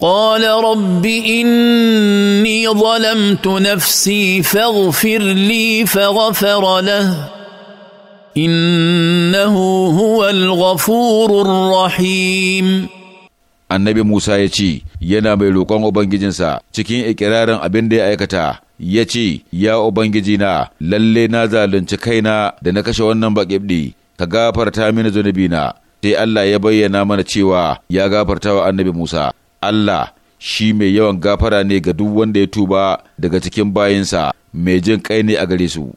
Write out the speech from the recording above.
قال رب اني ظلمت نفسي فاغفر لي فغفر له انه هو الغفور الرحيم annabi Musa ya ce, Yana mai roƙon Ubangijinsa cikin ikirarin abin da ya aikata, ya ce, Ya Ubangijina, lalle na zalunci kaina da na kashe wannan baƙibɗi, ka gafarta mini zunubina, sai Allah ya bayyana mana cewa ya gafarta wa annabi Musa. Allah shi mai yawan gafara ne ga duk wanda ya tuba daga cikin bayinsa mai jin kai ne a gare su.